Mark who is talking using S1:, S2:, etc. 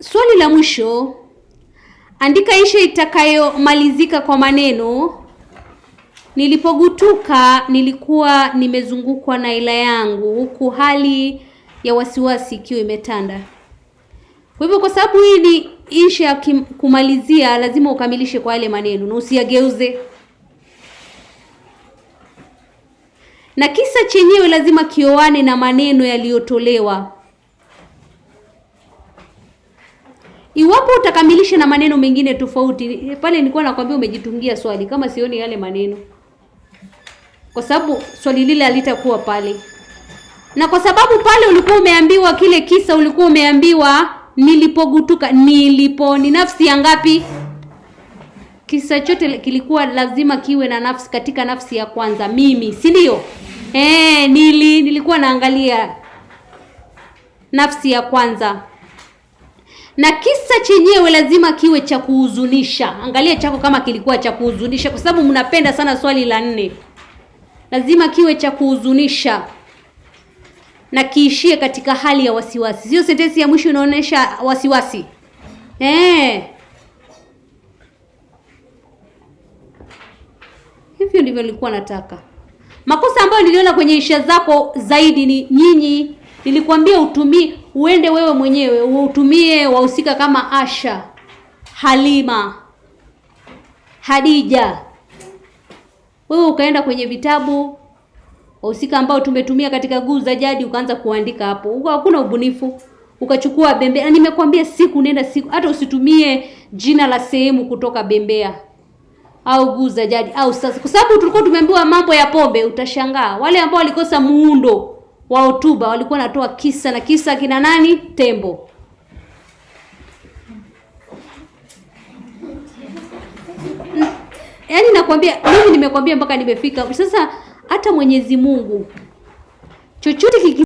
S1: Swali la mwisho, andika insha itakayomalizika kwa maneno nilipogutuka nilikuwa nimezungukwa na ila yangu, huku hali ya wasiwasi ikiwa imetanda. Kwa hivyo, kwa sababu hii ni insha ya kumalizia, lazima ukamilishe kwa yale maneno na usiyageuze, na kisa chenyewe lazima kioane na maneno yaliyotolewa. Iwapo utakamilisha na maneno mengine tofauti, pale nilikuwa nakwambia umejitungia swali kama sioni yale maneno, kwa sababu swali lile halitakuwa pale, na kwa sababu pale ulikuwa umeambiwa kile kisa, ulikuwa umeambiwa nilipogutuka, nilipo ni nafsi ya ngapi? Kisa chote kilikuwa lazima kiwe na nafsi katika nafsi ya kwanza, mimi, si ndio? Eh, nili nilikuwa naangalia nafsi ya kwanza na kisa chenyewe lazima kiwe cha kuhuzunisha. Angalia chako kama kilikuwa cha kuhuzunisha, kwa sababu mnapenda sana swali la nne. Lazima kiwe cha kuhuzunisha na kiishie katika hali ya wasiwasi. Sio sentensi ya mwisho inaonyesha wasiwasi eh. Hivyo ndivyo nilikuwa nataka. Makosa ambayo niliona kwenye insha zako zaidi ni nyinyi, nilikwambia utumie uende wewe mwenyewe utumie wahusika kama Asha, Halima, Hadija, wewe ukaenda kwenye vitabu wahusika ambao tumetumia katika Nguu za Jadi ukaanza kuandika hapo, hakuna ubunifu ukachukua Bembea. Nimekwambia siku nenda siku, hata usitumie jina la sehemu kutoka Bembea au Nguu za Jadi au sasa, kwa sababu tulikuwa tumeambiwa mambo ya pombe. Utashangaa wale ambao walikosa muundo wa hotuba walikuwa wanatoa kisa na kisa kina nani? Tembo. Yaani nakwambia mimi nimekwambia mpaka nimefika sasa. Hata Mwenyezi Mungu chochote